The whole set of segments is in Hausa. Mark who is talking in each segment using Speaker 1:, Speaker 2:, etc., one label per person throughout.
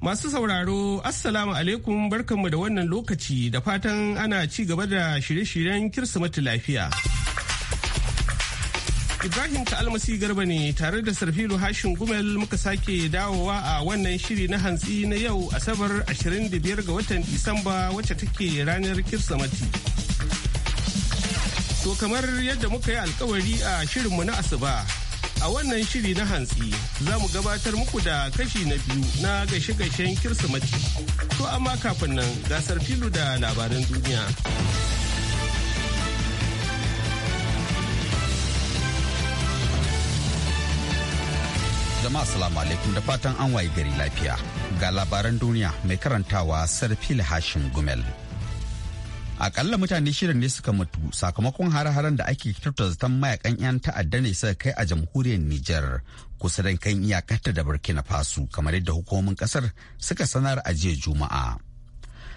Speaker 1: Masu sauraro, Assalamu alaikum barkanmu da wannan lokaci da fatan ana ci gaba da shirye-shiryen Kirsimeti lafiya. Ibrahim ta Almasi Garba ne tare da Sarfilu Hashin Gumel muka sake dawowa a wannan shiri na hantsi na yau Asabar 25 ga watan Disamba wacce take ranar Kirsimeti. To kamar yadda muka yi alkawari a shirinmu na asuba, a wannan shiri na hantsi za mu gabatar muku da kashi na biyu na gaishe-gaishen kirsimati. To amma kafin nan gasar filu da labaran duniya.
Speaker 2: Jama'a salamu alaikum da fatan an waye gari lafiya. Ga labaran duniya mai karantawa Sarfil Hashin Gumel. akalla mutane shirin ne suka mutu sakamakon har-haren da ake kyauta zaton mayakan 'yan ta'adda ne suka kai a jamhuriyar Nijar kusa da kan iyakarta da Burkina Faso kamar yadda hukumomin kasar suka sanar a jiya Juma'a.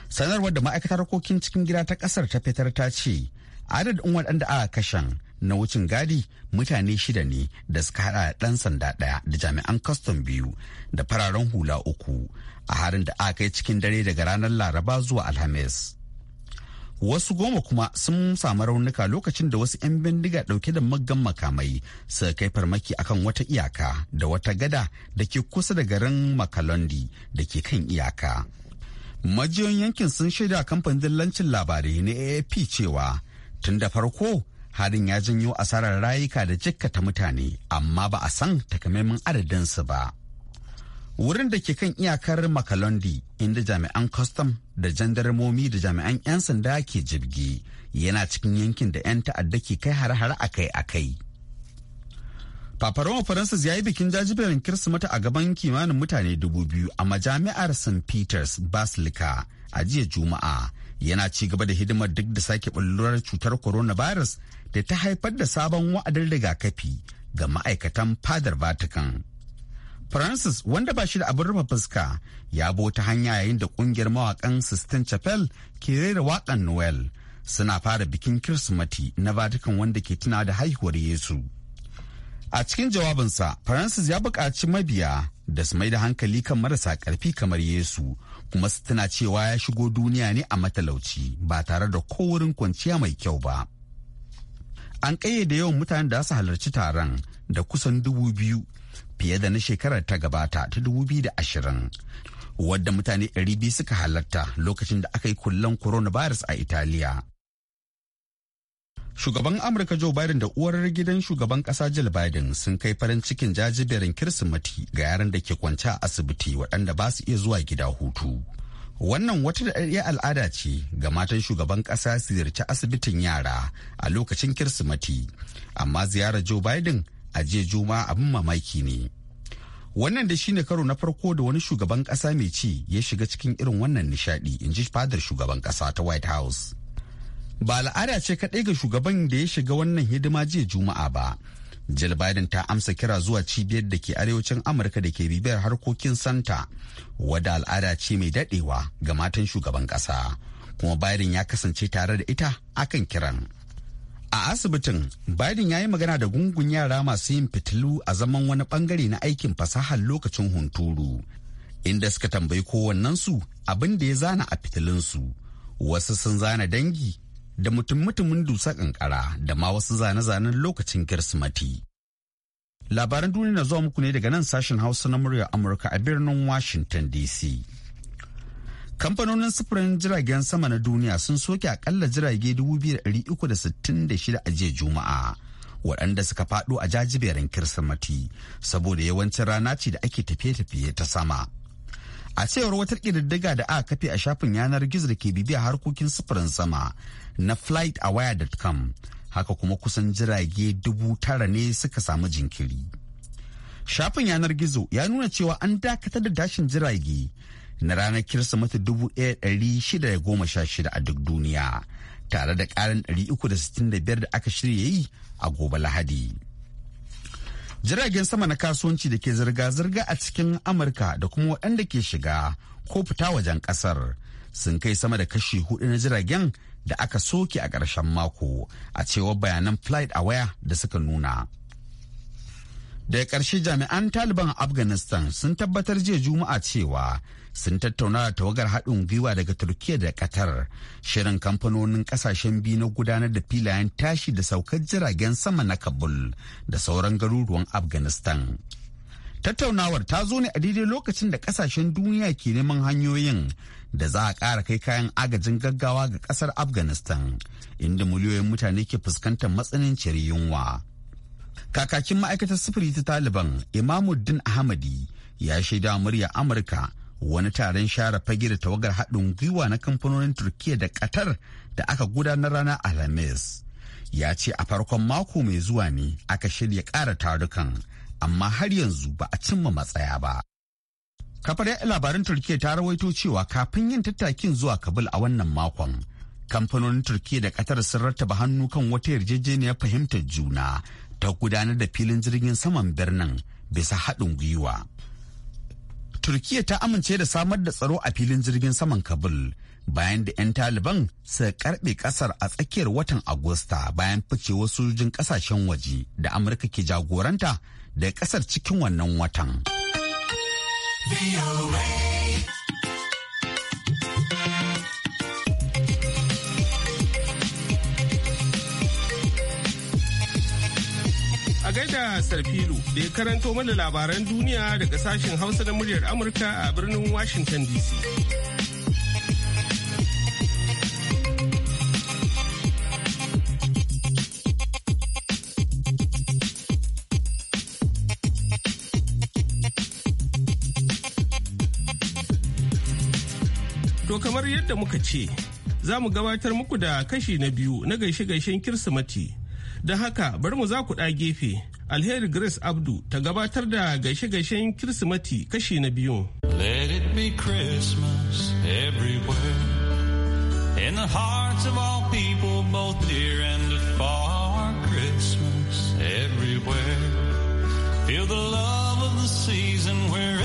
Speaker 2: Sanarwar da ma'aikatar harkokin cikin gida ta kasar ta fitar ta ce adadin waɗanda aka kashe na wucin gadi mutane shida ne da suka hada da ɗan sanda ɗaya da jami'an kwastam biyu da fararen hula uku a harin da aka yi cikin dare daga ranar laraba zuwa alhamis. wasu goma kuma sun samu raunuka lokacin da wasu 'yan bindiga dauke da maggan makamai suka kai farmaki akan wata iyaka da wata gada da ke kusa da garin makalondi da ke kan iyaka majiyoyin yankin sun shaida kamfanin dillancin labarai na AAP cewa tun da farko harin ya janyo asarar rayuka da jikkata mutane amma ba a san takamaiman adadinsu ba wurin da ke kan iyakar makalondi inda jami'an kwastam da jandarmomi da jami'an 'yan sanda ke jirgi yana cikin yankin da 'yan ta'adda ke kai har-har a akai Paparoma faransa ya yi bikin jajiberin Kirsimata a gaban kimanin mutane dubu biyu a majami'ar St. Peters Basilica a jiya Juma'a yana ci gaba da hidimar duk da sake ɓullurar cutar coronavirus da ta haifar da sabon wa'adin rigakafi ga ma'aikatan fadar Vatican. francis wanda ba shi da abin rufe fuska ya bota hanya yayin da kungiyar mawakan sistine chapel ke rera wakan noel suna fara bikin kirsimati na vatican wanda ke tuna da haihuwar yesu a cikin jawabinsa francis ya buƙaci mabiya da su mai da hankali kan marasa ƙarfi kamar yesu kuma su tuna cewa ya shigo duniya ne a matalauci ba tare da kowurin kwanciya mai kyau ba an ƙayyade yawan mutanen da su halarci taron da kusan dubu biyu fiye da na shekarar ta gabata ta dubu biyu da ashirin wadda mutane ɗari biyu suka halarta lokacin da aka yi kullen coronavirus a italiya shugaban amurka joe biden da uwar gidan shugaban kasa jill biden sun kai farin cikin jajiberin kirsimati ga yaran da ke kwance a asibiti waɗanda ba su iya zuwa gida hutu wannan wata daɗaɗɗiyar al'ada ce ga matan shugaban ƙasa su ziyarci asibitin yara a lokacin kirsimati amma ziyarar joe biden a jiya juma'a abin mamaki ne wannan da shine karo na farko da wani shugaban ƙasa mai ci ya shiga cikin irin wannan nishaɗi in ji fadar shugaban ƙasa ta white house ba al'ada ce kaɗai ga shugaban da ya shiga wannan hidima jiya juma'a ba Jill Biden ta amsa kira zuwa cibiyar da ke arewacin Amurka da ke bibiyar harkokin Santa wadda al'ada ce mai daɗewa ga matan shugaban ƙasa. Kuma Biden ya kasance tare da ita akan kiran. A asibitin, Biden ya yi magana da gungun yara masu yin fitilu a zaman wani bangare na aikin fasahar lokacin hunturu, inda suka tambayi kowannensu abin da ya zana a fitilinsu. Wasu sun zana dangi, da mutum-mutumin dusa kankara da ma wasu zane-zanen lokacin kirsimati. Labaran duniya na zuwa muku ne daga nan sashen Hausa na murya Amurka a birnin Washington DC. Kamfanonin sufurin jiragen sama na duniya sun soke akalla jirage 2,366 a jiya Juma'a. waɗanda suka faɗo a jajiberin kirsimati saboda yawancin rana ce da ake tafiye-tafiye ta sama. A cewar wata ƙididdiga da aka kafe a shafin yanar gizo da ke bibiya harkokin sufurin sama na flightawire.com haka kuma kusan jirage dubu tara ne suka samu jinkiri. Shafin yanar gizo ya nuna cewa an dakatar da dashin jirage na ranar Kirsimeti shida a duk duniya tare da ƙarin 365 da aka shirya yi a gobe Lahadi. Jiragen sama na kasuwanci da ke zirga-zirga a cikin Amurka da kuma waɗanda ke shiga ko fita wajen ƙasar sun kai sama da kashi hudu na jiragen da aka soke a ƙarshen mako a cewar bayanan flight waya da suka nuna. Daga ƙarshe jami'an Taliban a Afghanistan sun tabbatar jiya Juma'a cewa sun tattauna da tawagar haɗin gwiwa daga Turkiyya da Qatar shirin kamfanonin ƙasashen biyu na gudanar da filayen tashi da saukar jiragen sama na Kabul da sauran garuruwan Afghanistan. Tattaunawar ta zo ne a daidai lokacin da ƙasashen duniya ke neman hanyoyin da za a ƙara kai kayan agajin gaggawa ga ƙasar afghanistan inda miliyoyin mutane ke fuskantar matsananciyar yunwa kakakin ma'aikatar sufuri ta taliban imamuddin ahmadi ya shaida murya amurka wani taron share fage da tawagar haɗin gwiwa na kamfanonin turkiya da qatar da aka gudanar ranar alhamis ya ce a farkon mako mai zuwa ne aka shirya ƙara tarukan amma har yanzu ba a cimma matsaya ba Kafar labarin Turkiyya ta rawaito cewa kafin yin tattakin zuwa Kabul a wannan makon, kamfanonin Turkiyya da ƙasar sun rattaba hannu kan wata yarjejeniyar fahimtar juna ta gudanar da filin jirgin saman birnin bisa haɗin gwiwa. Turkiyya ta amince da samar da tsaro a filin jirgin saman Kabul bayan da 'yan Taliban suka karbe kasar a tsakiyar watan Agusta bayan ficewar sojojin kasashen waje da Amurka ke jagoranta da kasar cikin wannan watan.
Speaker 3: A
Speaker 1: gaida Sarfilu da ya karanto mana labaran duniya daga sashen Hausa na muryar Amurka a birnin Washington DC. kamar yadda muka ce, za mu gabatar muku da kashi na biyu na gaishe-gaishen Kirsimati. Don haka bari mu za ku ɗa gefe, Alheri Grace Abdu ta gabatar da gaishe-gaishen Kirsimati kashi na biyu.
Speaker 4: Let it be Christmas everywhere in the hearts of all people both near and far. Christmas everywhere. Feel the love of the season wherever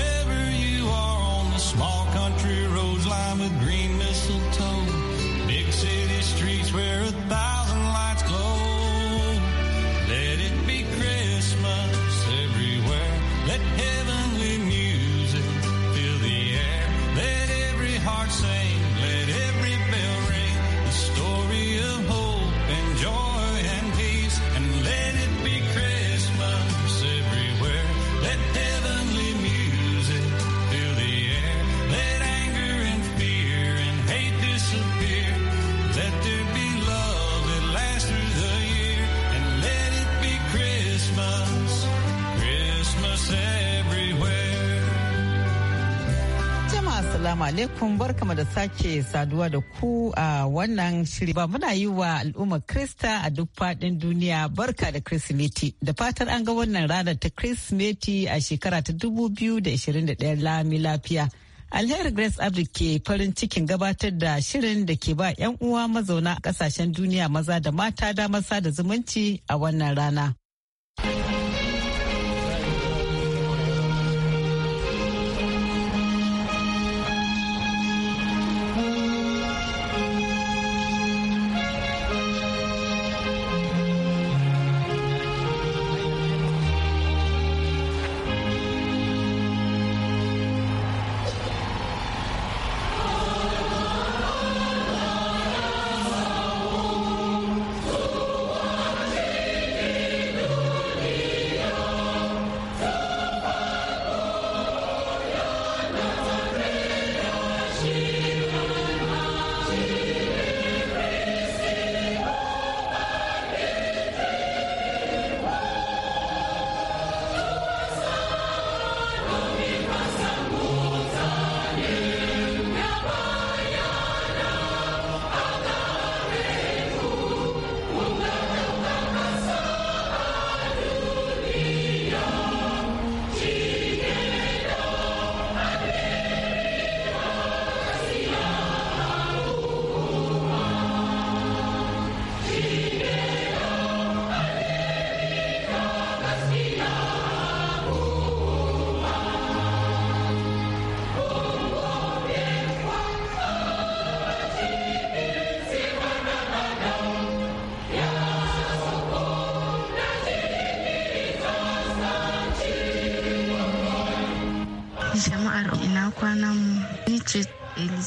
Speaker 5: alaikum barkama da sake saduwa da ku a wannan shiri ba muna yi wa al'ummar Krista a duk faɗin duniya barka da Kirsimeti da fatar an ga wannan ranar ta Kirsimeti a shekara ta 2021 lami lafiya. Alheri Grace Abdi ke farin cikin gabatar da shirin da ke ba 'yan uwa mazauna kasashen duniya maza da mata damar sada zumunci a wannan rana.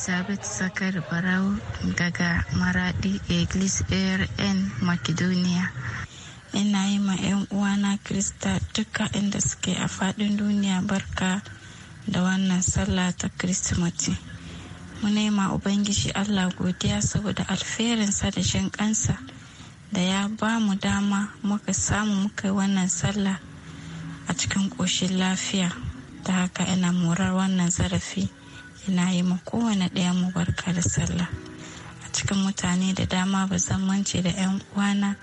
Speaker 6: Elizabeth Sakar Barau daga Maradi Eglis ARN Macedonia. Ina yi ma 'yan uwana Krista duka inda suke a faɗin duniya barka da wannan sallah ta Kirsimeti. Muna ma Ubangiji Allah godiya saboda alferinsa da shan kansa da ya ba mu dama muka samu muka yi wannan sallah a cikin ƙoshin lafiya. Ta haka ina morar wannan zarafi. ina yi ma kowane ɗaya mu barka da sallah a cikin mutane da dama ba zan mance da 'yan uwana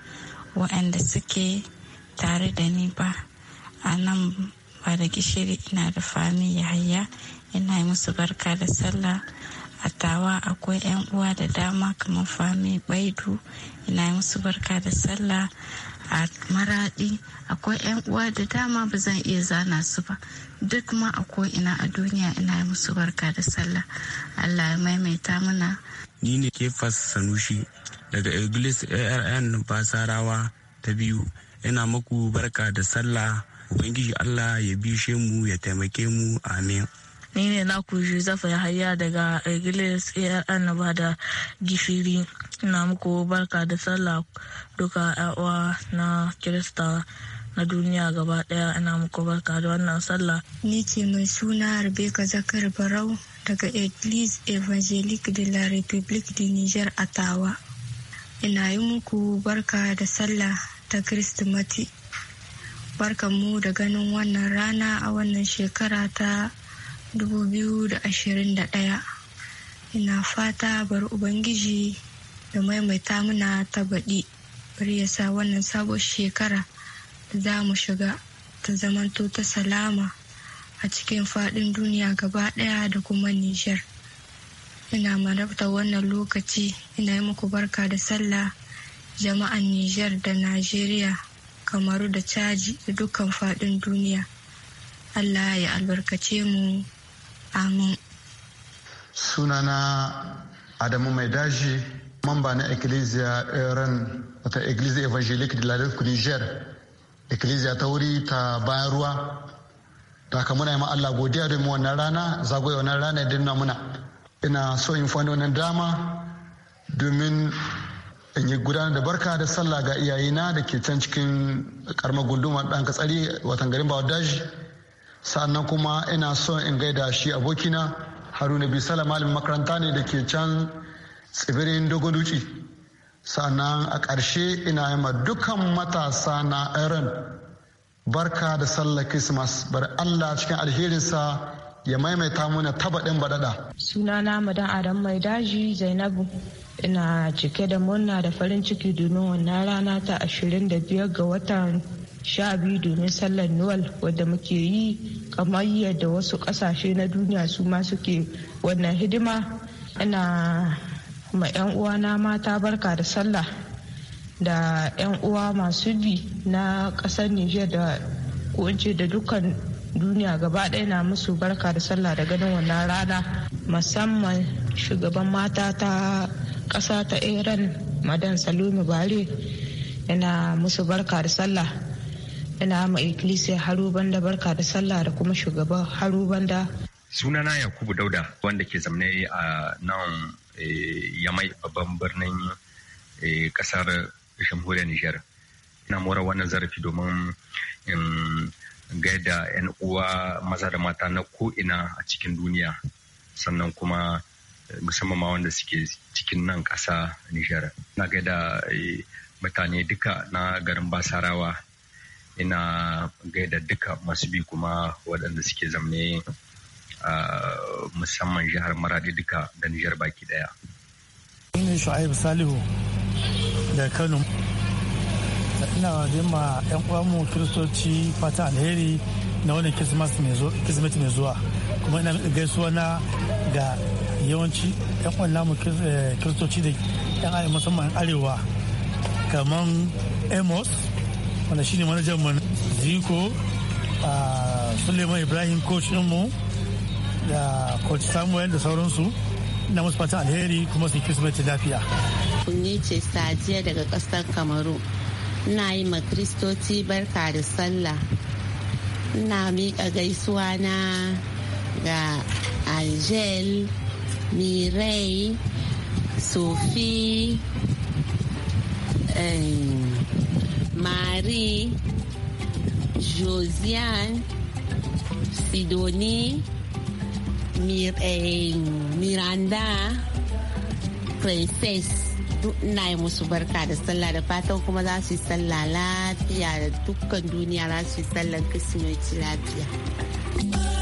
Speaker 6: waɗanda suke tare da ni ba a nan ba da gishiri ina da fami yahaya ina yi musu barka da sallah a tawa akwai 'yan uwa da dama kamar fami baidu ina musu barka da sallah a maradi akwai 'yan uwa da dama ba zan iya zana su ba duk ma akwai ina a duniya ina musu barka da sallah allah ya maimaita mana
Speaker 1: ni ne kefas sanushi daga iglis arn basarawa ta biyu ina maku barka da sallah ubangiji allah ya bishe mu ya taimake mu amin
Speaker 6: ni ne na zafa ya Yahaya daga Igilis AR Annaba da Gishiri na muku barka da sallah duka yawa na Kirista na duniya gaba daya ina muku barka da wannan sallah. Ni ce mai suna Rebecca Zakar Barau daga Eglise Evangelique de la République de Niger a Tawa. Ina yi muku barka da sallah ta kristimati Barkan mu da ganin wannan rana a wannan shekara ta 2021 ina fata bar ubangiji da maimaita muna ta baɗi bari ya sa wannan sabon shekara da za mu shiga ta zamanto ta salama a cikin faɗin duniya gaba ɗaya da kuma nijar ina marabta wannan lokaci ina yi muku barka da sallah jama'an nijar da najeriya kamaru da caji da dukkan faɗin duniya allah ya albarkace mu Amin.
Speaker 2: Sunana Adamu Mai Daji, mamba na Ecclesia eh, Aaron, wata Ecclesia Evangelique de la Niger, Ecclesia ta wuri ta bayan ruwa. Da ka muna yi Allah godiya da mu wannan rana, zagoya wannan rana idan na muna. Ina so in fani wannan dama domin in yi gudanar da barka da sallah ga iyayena da ke can cikin karamar gunduma ɗan katsari watan garin bawa daji. sannan kuma ina son in gaida shi abokina haruna bisala malamin makaranta ne da ke can tsibirin dogoduci sannan a ƙarshe ina yi ma dukan matasa na iran barka da sallar christmas bar allah cikin alherinsa ya maimaita mana tabaɗin baɗaɗa.
Speaker 5: sunana madan adam mai daji zainabu ina cike da murna da farin ciki domin wannan rana ta 25 ga watan sha biyu domin sallar noel wadda muke yi kamar yadda wasu kasashe na duniya su ma suke wannan hidima ina ma 'yan uwana mata barka da sallah da 'yan uwa masu bi na kasar niger da ko da dukkan duniya gaba ɗaya na musu barka da sallah da ganin wannan rana musamman shugaban mata ta ƙasa ta iran madan salome bare yana musu barka da sallah ina ma ikilisiya Harubanda, barka da sallah da kuma shugaban Harubanda.
Speaker 2: sunana yakubu dauda wanda ke zamne a nan eh, yamai babban birnin eh, kasar jamhuriyar nijar ina mora wannan zarafi domin in gaida 'yan uwa maza da mata na ko'ina a cikin duniya sannan kuma eh, musamman ma wanda suke cikin nan ƙasa nijar na gaida mutane duka na garin basarawa ina gaida duka masu bi kuma waɗanda suke zamne musamman jihar maradi duka da nijar baki daya
Speaker 1: ne shu'aib salihu
Speaker 2: da kano ina ma 'yan uwanmu kiristoci fata alheri na wani kismet mai zuwa kuma ina gaisuwa na ga yawanci 'yan uwan namu eh, kiristoci da 'yan musamman arewa kamar amos wanda shine manajan mu Ziko Suleiman Ibrahim coach mu da coach Samuel da sauransu na musu fatan alheri kuma su kismeti lafiya. Kunye ce
Speaker 5: sajiya daga ƙasar Kamaru. Ina yi ma Kiristoci barka da sallah. Ina miƙa gaisuwa na ga Angel, Mirai, Sophie, marie josiane sidonie Mir, eh, miranda princess duk ina yi musu barka da sallah da fatan kuma za su yi sallah lafiya da dukkan duniya za su yi sallan kirsimeti lafiya.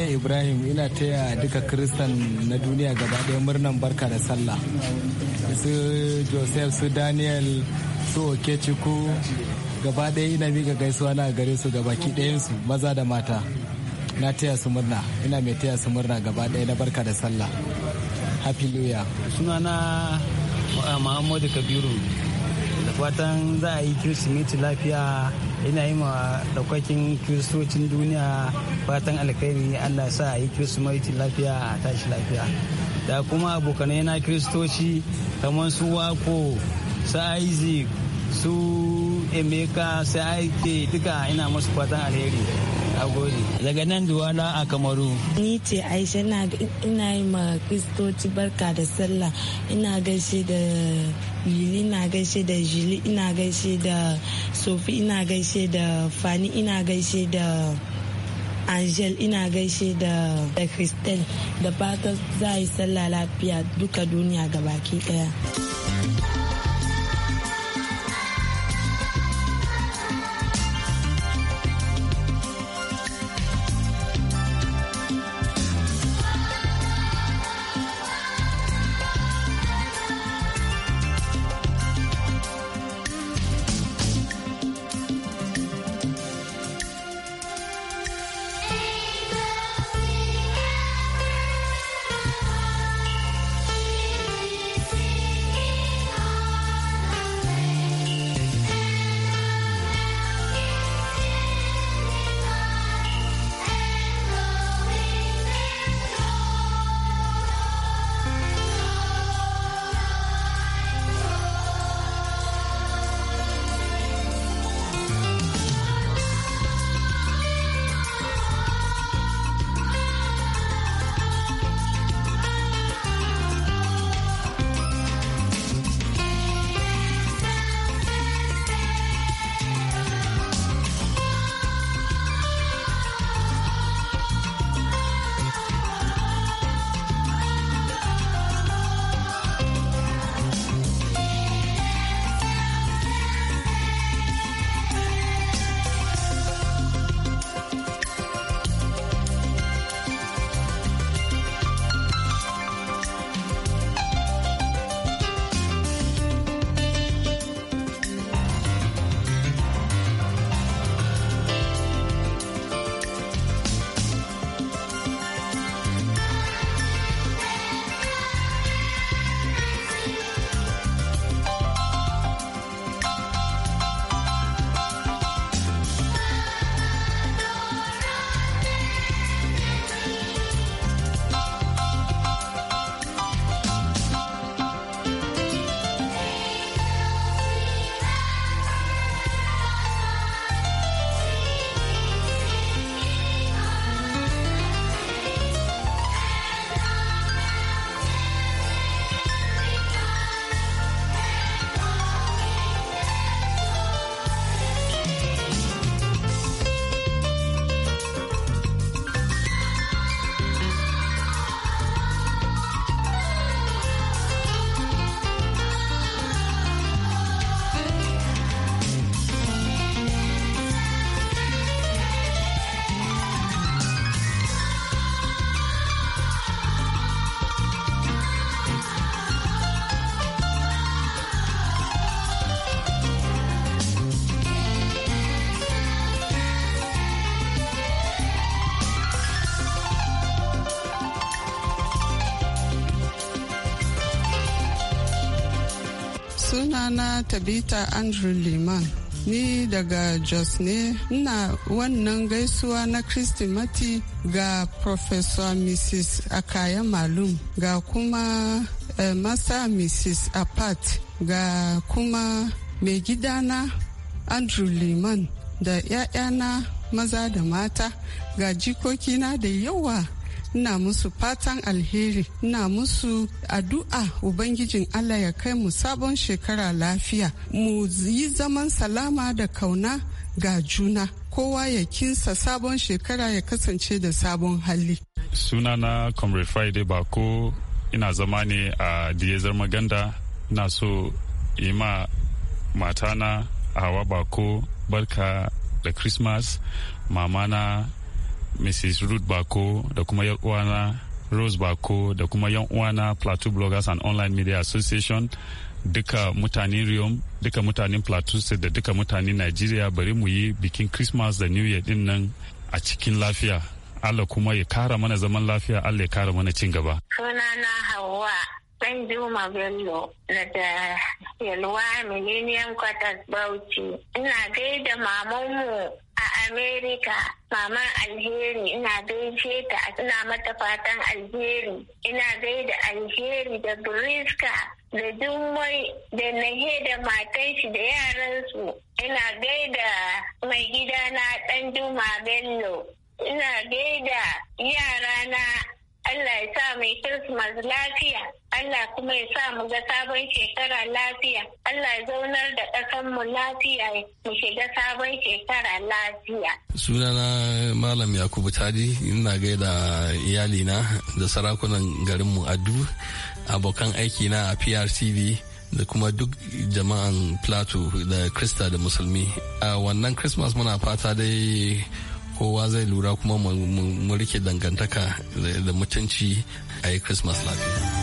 Speaker 1: ne Ibrahim ina taya duka Kiristan na duniya gaba ɗaya murnan barka da sallah. Su Joseph su Daniel su Okechukwu gaba ɗaya ina miƙa gaisuwa na gare su gabaki ɗayansu maza da mata. Na taya su murna ina mai taya su murna gaba ɗaya na barka da sallah.
Speaker 5: Happy New Year. Sunana eh, Muhammadu Kabiru da fatan za a yi Kirsimeti lafiya ina yi ma daukakin kiristocin duniya fatan alkhairi allah sa a yi kirsimeti lafiya a tashi lafiya da kuma abokanai na kiristoci kamar su wako su isaac su emeka su aike duka ina masu fatan alheri a gode daga nan duwala a kamaru
Speaker 6: ni ce aisha ina yi ma kristoci barka da sallah ina gaishe da yili ina gaishe da jili ina gaishe da sofi ina gaishe da fani ina gaishe da angel ina gaishe da da da fatan za a yi sallah lafiya duka duniya gabaki daya.
Speaker 1: na tabita andrew liman ni daga jos ne ina wannan gaisuwa na kristi mati ga professor mrs akaya malum ga kuma eh, masa mrs apat ga kuma mai gidana andrew liman da 'ya'yana maza da mata ga jikokina da yawa ina musu fatan alheri ina musu addu'a ubangijin allah ya kai mu sabon shekara lafiya mu yi zaman salama da kauna ga juna kowa ya kinsa sabon shekara ya kasance da sabon hali
Speaker 2: suna na comrade friday bako ina zama ne a diyezar maganda na so yi ma matana hawa bako barka da christmas mamana mrs ruth bako da kuma yan uwana rose bako da kuma yan uwana plateau bloggers and online media association duka mutanen riom duka mutanen plateau state da duka mutanen nigeria bari mu yi bikin christmas da new year din nan a cikin lafiya allah kuma ya kara mana zaman lafiya allah ya kara mana cin gaba
Speaker 6: sunana hawa ɗan Juma Bello daga Yalwa Millennium Quarters Bauchi. Ina gaida mamanmu a Amerika. Maman alheri ina gaishe ta ina mata fatan alheri. Ina gaida alheri da Briska da Jummai da Nahe da matan shi da yaransu. Ina gaida mai gidana ɗan duma Bello. Ina gaida yara na Allah ya sa mai Christmas lafiya. Allah kuma ya sa mu ga sabon shekara lafiya. Allah ya zaunar da ƙasanmu lafiya mu shiga sabon shekara lafiya.
Speaker 1: Sunana Malam Yakubu Tadi ina gaida iyalina da sarakunan garinmu Adu, abokan aiki na a PRTV da kuma duk jama'an Plateau da Krista da Musulmi. A wannan Christmas muna fata dai kowa zai lura kuma mu rike dangantaka da mutunci a yi christmas lafiya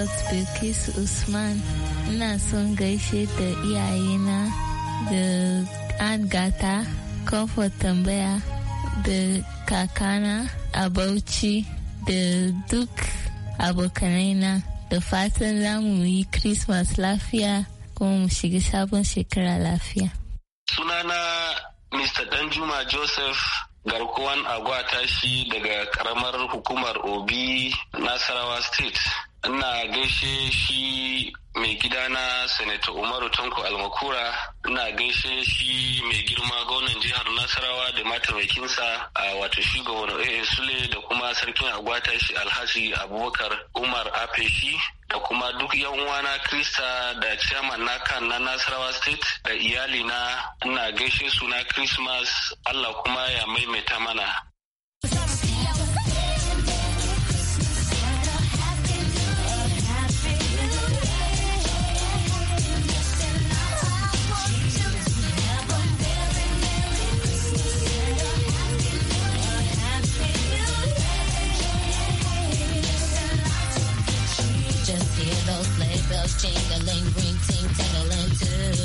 Speaker 6: Abbas Bilkis Usman ina son gaishe da iyayena da agata Gata, Comfort Tambaya da kakana a Bauchi da duk abokanaina da fatan za mu yi Christmas lafiya kuma mu shiga sabon shekara lafiya.
Speaker 1: Sunana Mr. Danjuma Joseph garkuwan agwa tashi daga karamar hukumar Obi Nasarawa State. ina gaishe shi mai gida na sanata umaru tanko almakura ina gaishe shi mai girma gwamnan jihar nasarawa da mataimakinsa a wato shugaban aa sule da kuma sarkin agwata shi alhaji abubakar umar afeshi da kuma duk yan uwana krista da chairman na kan na nasarawa state da iyalina ina gaishe su na christmas allah kuma ya maimaita mana
Speaker 3: jingling, ring, ting, tingling too.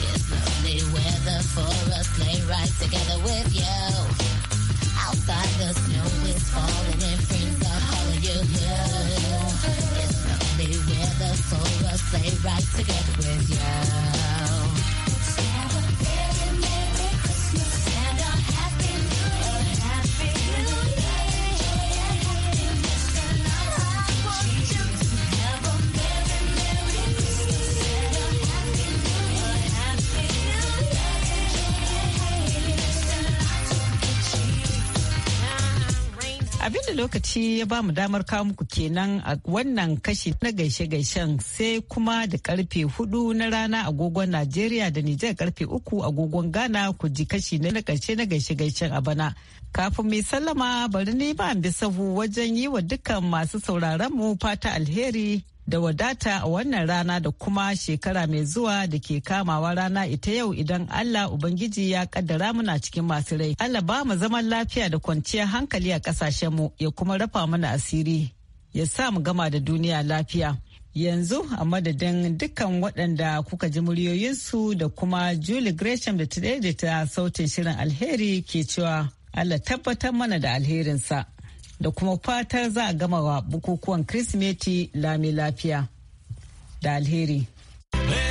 Speaker 3: It's lovely weather for us, lay right together with you. Outside the snow is falling and friends are calling you, It's lovely weather for us, lay right together with you.
Speaker 5: lokaci ya ba mu damar kawo muku kenan a wannan kashi na gaishe-gaishen sai kuma da karfe hudu na rana agogon Najeriya da Nijar karfe uku agogon Ghana ku ji kashi na karshe na gaishe-gaishen a bana. Kafin mai sallama bari ni ba bi sahu wajen yi wa dukkan masu sauraron mu fata alheri da wadata a wannan rana da kuma shekara mai zuwa da ke kamawa rana ita yau idan Allah Ubangiji ya kaddara muna cikin masu rai. Allah ba mu zaman lafiya da kwanciyar hankali a mu ya kuma rafa mana asiri ya sa mu gama da duniya lafiya. Yanzu a madadin dukkan waɗanda kuka ji muryoyinsu da kuma Julie Gresham da ta daidaita sautin shirin alheri ke cewa Allah tabbatar mana da alherinsa. da kuma fatar za a gama wa bukukuwan Kirsimeti lami lafiya da alheri. Hey!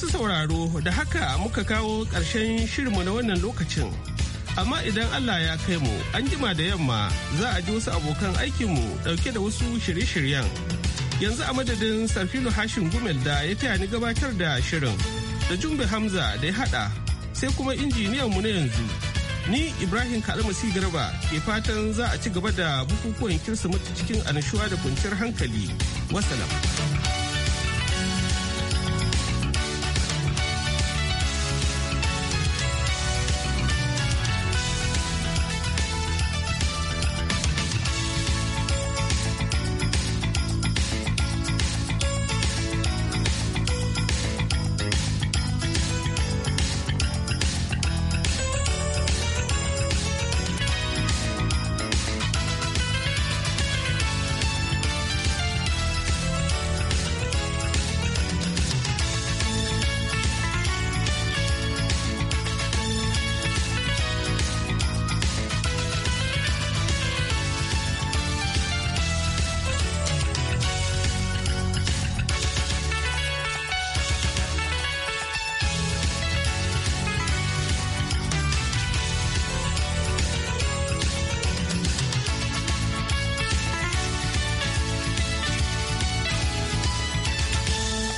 Speaker 1: Masu sauraro da haka muka kawo ƙarshen shirinmu na wannan lokacin. Amma idan Allah ya kai mu an jima da yamma za a ji wasu abokan aikinmu ɗauke da wasu shirye-shiryen. Yanzu a madadin Sarfilo Hashin Gumel da ya taya ni gabatar da shirin da Jumbe Hamza da ya haɗa sai kuma injiniyan mu na yanzu. Ni Ibrahim Kalamasi Garba ke fatan za a ci gaba da bukukuwan Kirsimeti cikin annashuwa da kwanciyar hankali. Wasalam.